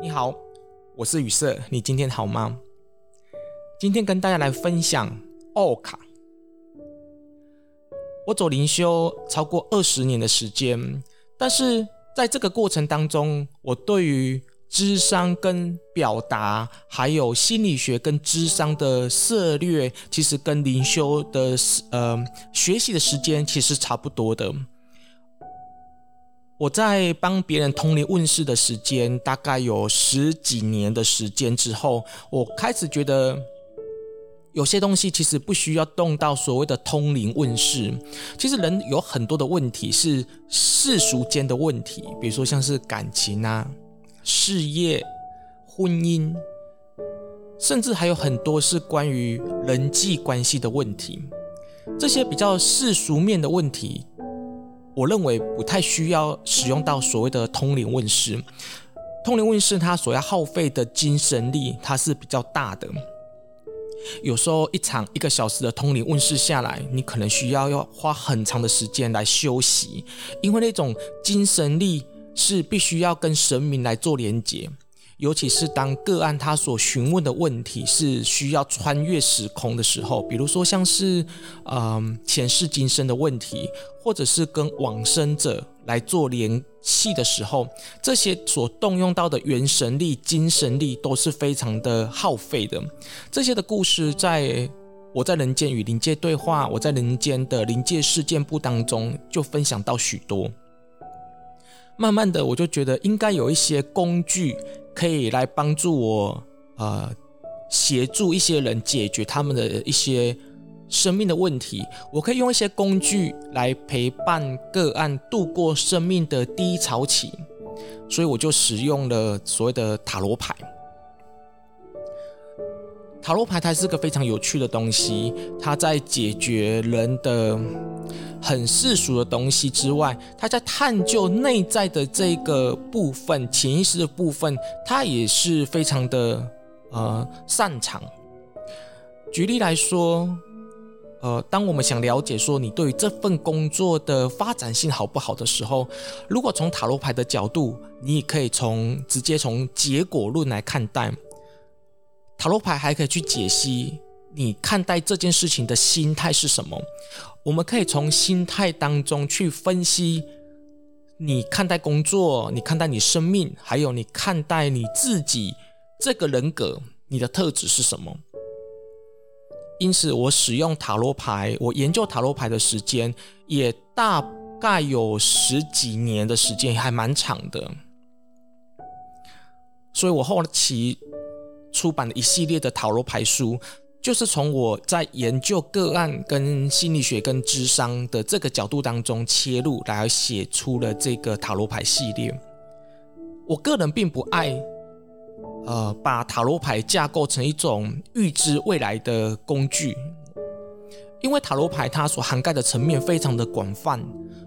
你好，我是宇色。你今天好嗎？今天跟大家來分享 OH 卡。我走靈修超過二十年的時間，但是在這個過程當中，我對於諮商跟表達，還有心理學跟諮商的涉獵，其實跟靈修的呃學習的時間其實差不多的。我在幫別人通靈問事的時間，大概有十幾年的時間之後，我開始覺得有些東西其實不需要動到所謂的通靈問事。其實人有很多的問題是世俗間的問題，比如說像是感情啊、事業、婚姻，甚至還有很多是關於人際關係的問題。這些比較世俗面的問題。我認為不太需要使用到所謂的通靈問事。通靈問事，它所要耗費的精神力，它是比較大的。有時候一場一個小時的通靈問事下來，你可能需要要花很長的時間來休息，因為那種精神力是必須要跟神明來做連結。尤其是當個案他所詢問的問題是需要穿越時空的時候，比如說像是嗯、呃、前世今生的問題，或者是跟往生者來做聯繫的時候，這些所動用到的元神力、精神力都是非常的耗費的。這些的故事，在我在人間與靈界對話，我在人間的靈界事件簿當中就分享到許多。慢慢的，我就覺得應該有一些工具。可以來幫助我，呃，協助一些人解決他們的一些生命的問題。我可以用一些工具來陪伴個案度過生命的低潮期，所以我就使用了所謂的塔羅牌。塔羅牌它是個非常有趣的東西，它在解決人的。很世俗的東西之外，他在探究內在的這個部分，潛意識的部分，他也是非常的呃擅長。舉例來說，呃，當我們想了解說你對這份工作的發展性好不好的時候，如果從塔羅牌的角度，你也可以從直接從結果論來看待塔羅牌，還可以去解析。你看待這件事情的心態是什麼？我們可以從心態當中去分析你看待工作、你看待你生命，還有你看待你自己這個人格、你的特質是什麼？因此，我使用塔羅牌，我研究塔羅牌的時間也大概有十幾年的時間，還蠻長的。所以我後期出版了一系列的塔羅牌書。就是從我在研究個案、跟心理學、跟諮商的這個角度當中切入來寫出了這個塔羅牌系列。我個人並不愛，呃，把塔羅牌架構成一種預知未來的工具，因為塔羅牌它所涵蓋的層面非常的廣泛，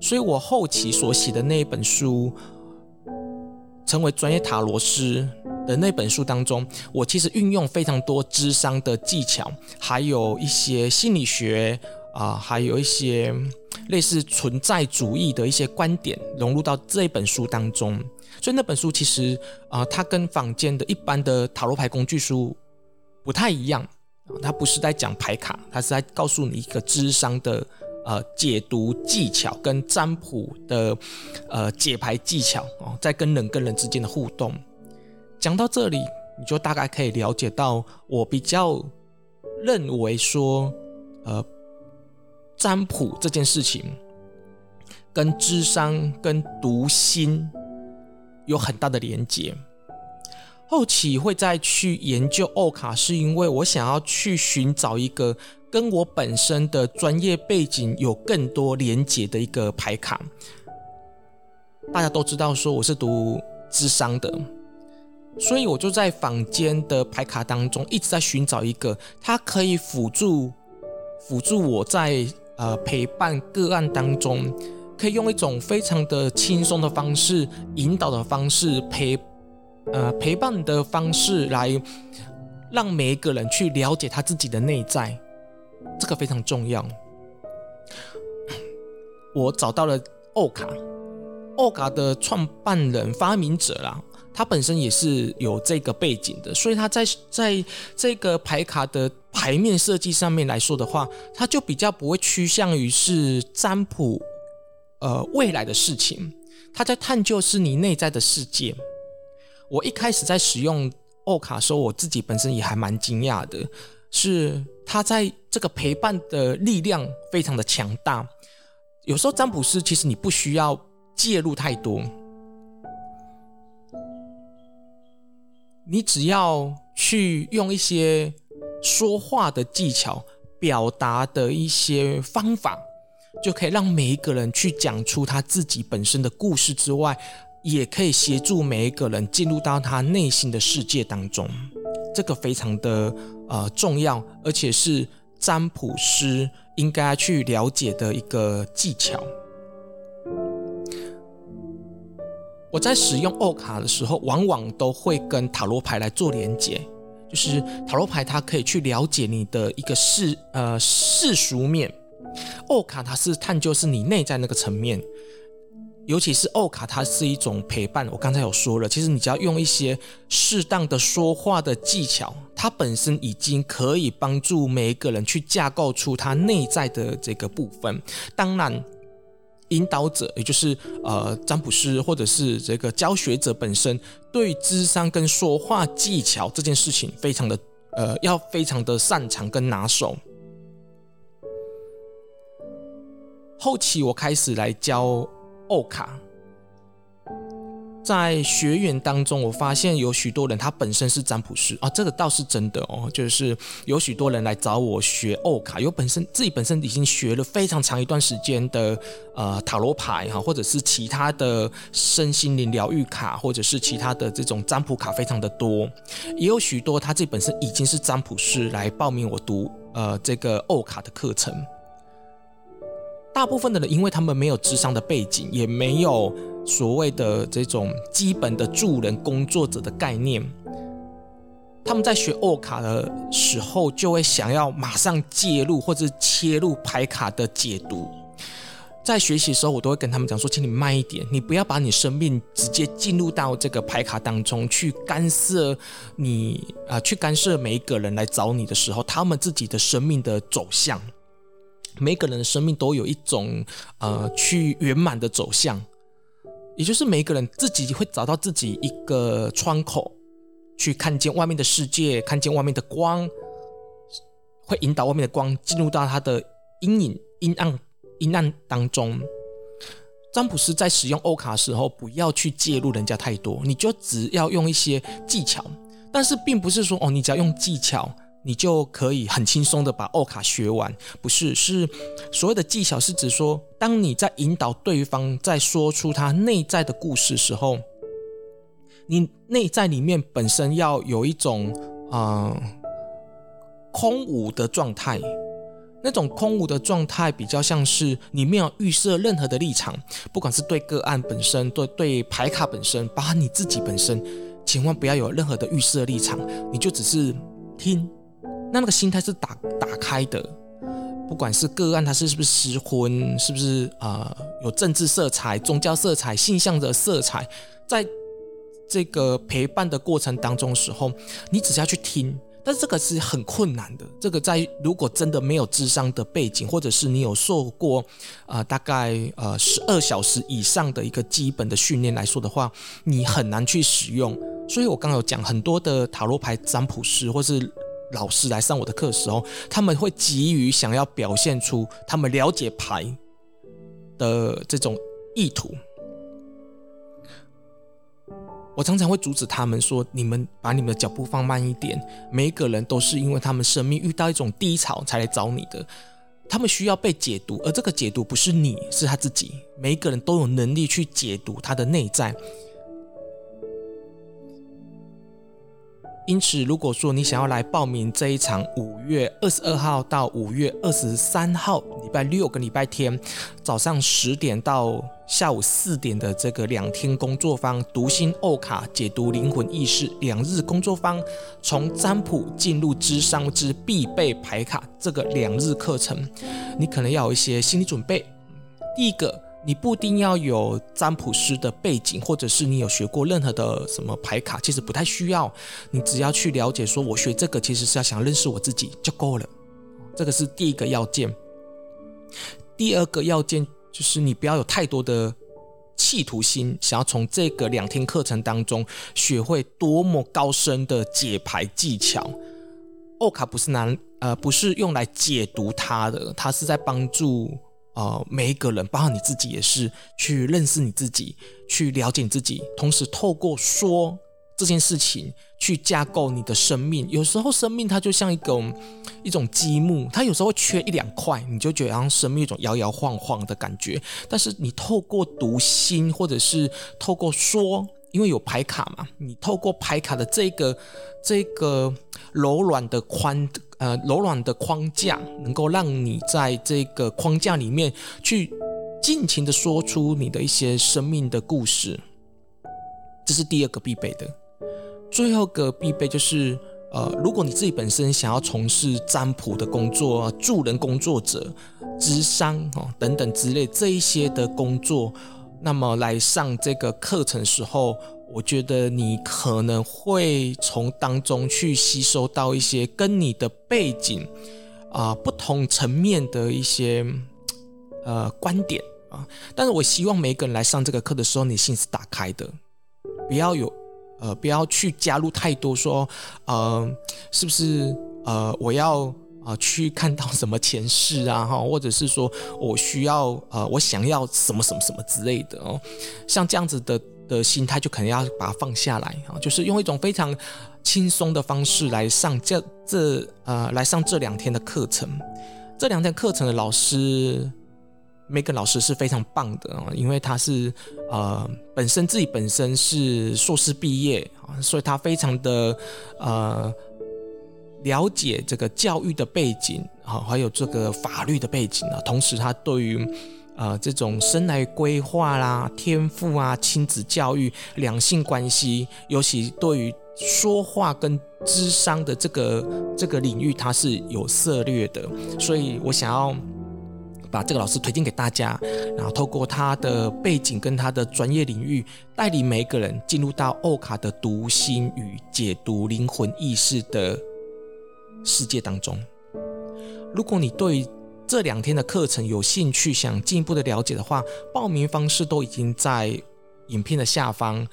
所以我後期所寫的那一本書，成為專業塔羅師。的那本書當中，我其實運用非常多諮商的技巧，還有一些心理學啊、呃，還有一些類似存在主義的一些觀點融入到這本書當中。所以那本書其實啊、呃，它跟坊間的一般的塔羅牌工具書不太一樣，它不是在講牌卡，它是在告訴你一個諮商的呃解讀技巧，跟占卜的呃解牌技巧哦、呃，在跟人跟人之間的互動。講到這裡，你就大概可以了解到，我比較認為說，呃，占卜這件事情跟諮商、跟讀心有很大的連接，後期會再去研究 OH 卡，是因為我想要去尋找一個跟我本身的專業背景有更多連接的一個牌卡。大家都知道，說我是讀諮商的。所以我就在坊間的牌卡當中，一直在尋找一個，它可以輔助、輔助我在呃，陪伴個案當中，可以用一種非常的輕鬆的方式，引導的方式陪，呃，陪伴的方式，來讓每一個人去了解他自己的內在，這個非常重要。我找到了 OH 卡。OH 卡的創辦人、發明者啦，他本身也是有這個背景的，所以他在在這個牌卡的牌面設計上面來說的話，他就比較不會趨向於是占卜，呃，未來的事情，他在探究是你內在的世界。我一開始在使用 OH 卡的時候，我自己本身也還蠻驚訝的，是他在這個陪伴的力量非常的強大，有時候占卜師其實你不需要。介入太多，你只要去用一些說話的技巧、表達的一些方法，就可以讓每一個人去講出他自己本身的故事之外，也可以協助每一個人進入到他內心的世界當中。這個非常的呃重要，而且是占卜師應該去了解的一個技巧。我在使用 OH 卡的時候，往往都會跟塔羅牌來做連接，就是塔羅牌它可以去了解你的一個世呃世俗面，OH 卡它是探究是你內在那個層面，尤其是 OH 卡它是一種陪伴。我剛才有說了，其實你只要用一些適當的說話的技巧，它本身已經可以幫助每一個人去架構出他內在的這個部分。當然。引導者，也就是呃占卜師，或者是這個教學者本身，對於諮商跟說話技巧這件事情，非常的呃要非常的擅長跟拿手。後期我開始來教 OH 卡。在學員當中，我發現有許多人他本身是占卜師啊，這個倒是真的哦。就是有許多人來找我學 OH 卡，有本身自己本身已經學了非常長一段時間的呃塔羅牌哈，或者是其他的身心靈療癒卡，或者是其他的這種占卜卡，非常的多。也有許多他自己本身已經是占卜師來報名我讀呃這個 OH 卡的課程。大部分的人，因為他們沒有諮商的背景，也沒有所謂的這種基本的助人工作者的概念，他們在學 OH 卡的時候，就會想要馬上介入或者切入牌卡的解讀。在學習的時候，我都會跟他們講說：“請你慢一點，你不要把你生命直接進入到這個牌卡當中去干涉你啊、呃，去干涉每一個人來找你的時候，他們自己的生命的走向。”每個人的生命都有一種呃去圓滿的走向，也就是每個人自己會找到自己一個窗口，去看見外面的世界，看見外面的光，會引導外面的光進入到他的陰影、陰暗、陰暗當中。占卜師在使用歐卡的時候，不要去介入人家太多，你就只要用一些技巧，但是並不是說哦，你只要用技巧。你就可以很輕鬆的把 OH 卡學完，不是？是所謂的技巧，是指說，當你在引導對方在說出他內在的故事時候，你內在裡面本身要有一種啊、呃、空無的狀態，那種空無的狀態比較像是你沒有預設任何的立場，不管是對個案本身，對對牌卡本身，包含你自己本身，千萬不要有任何的預設立場，你就只是聽。那那個心態是打打開的，不管是個案他是是不是失婚，是不是啊、呃、有政治色彩、宗教色彩、性向的色彩，在這個陪伴的過程當中時候，你只是要去聽，但是這個是很困難的。這個在如果真的沒有諮商的背景，或者是你有受過啊、呃、大概呃十二小時以上的一個基本的訓練來說的話，你很難去使用。所以我剛剛有講很多的塔羅牌占卜師，或是老師來上我的課的時候，他們會急於想要表現出他們了解牌的這種意圖。我常常會阻止他們說：“你們把你們的腳步放慢一點。每一個人都是因為他們生命遇到一種低潮才來找你的，他們需要被解讀，而這個解讀不是你，是他自己。每一個人都有能力去解讀他的內在。”因此，如果說你想要來報名這一場五月二十二號到五月二十三號禮拜六跟禮拜天早上十點到下午四點的這個兩天工作坊，讀心 OH 卡解讀靈魂意識兩日工作坊，從占卜進入諮商之必備牌卡這個兩日課程，你可能要有一些心理準備。嗯，第一個。你不一定要有占卜師的背景，或者是你有學過任何的什麼牌卡，其實不太需要。你只要去了解，說我學這個其實是要想認識我自己就夠了。這個是第一個要件。第二個要件就是你不要有太多的企圖心，想要從這個兩天課程當中學會多麼高深的解牌技巧。OH 卡不是難，呃，不是用來解讀它的，它是在幫助。呃，每一個人，包括你自己，也是去認識你自己，去了解你自己，同時透過說這件事情去架構你的生命。有時候生命它就像一種一種積木，它有時候缺一兩塊，你就覺得好像生命一種搖搖晃晃的感覺。但是你透過讀心，或者是透過說，因為有牌卡嘛，你透過牌卡的這個這個柔軟的框，呃柔軟的框架，能夠讓你在這個框架裡面去盡情的說出你的一些生命的故事，這是第二個必備的。最後個必備就是呃，如果你自己本身想要從事占卜的工作啊，助人工作者、諮商哦、等等之類這一些的工作。那麼來上這個課程時候，我覺得你可能會從當中去吸收到一些跟你的背景啊、呃、不同層面的一些呃觀點啊，但是我希望每個人來上這個課的時候，你心是打開的，不要有呃不要去加入太多說，呃是不是呃我要。啊，去看到什麼前世啊，哈，或者是說我需要呃，我想要什麼什麼什麼之類的哦，像這樣子的的心態，就可能要把它放下來啊，就是用一種非常輕鬆的方式來上這這呃，來上這兩天的課程。這兩天課程的老師，Megan 老師是非常棒的啊，因為他是呃，本身自己本身是碩士畢業啊，所以他非常的呃。了解這個教育的背景，哈，還有這個法律的背景啊。同時，他對於啊、呃、這種生來規劃啦、天賦啊、親子教育、兩性關係，尤其對於說話跟諮商的這個這個領域，他是有涉獵的。所以我想要把這個老師推薦給大家，然後透過他的背景跟他的專業領域，帶領每一個人進入到歐卡的讀心與解讀靈魂意識的。世界當中，如果你對這兩天的課程有興趣，想進一步的了解的話，報名方式都已經在影片的下方，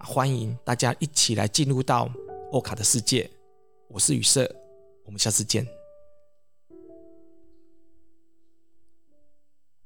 歡迎大家一起來進入到 OH 卡的世界。我是宇色，我們下次見。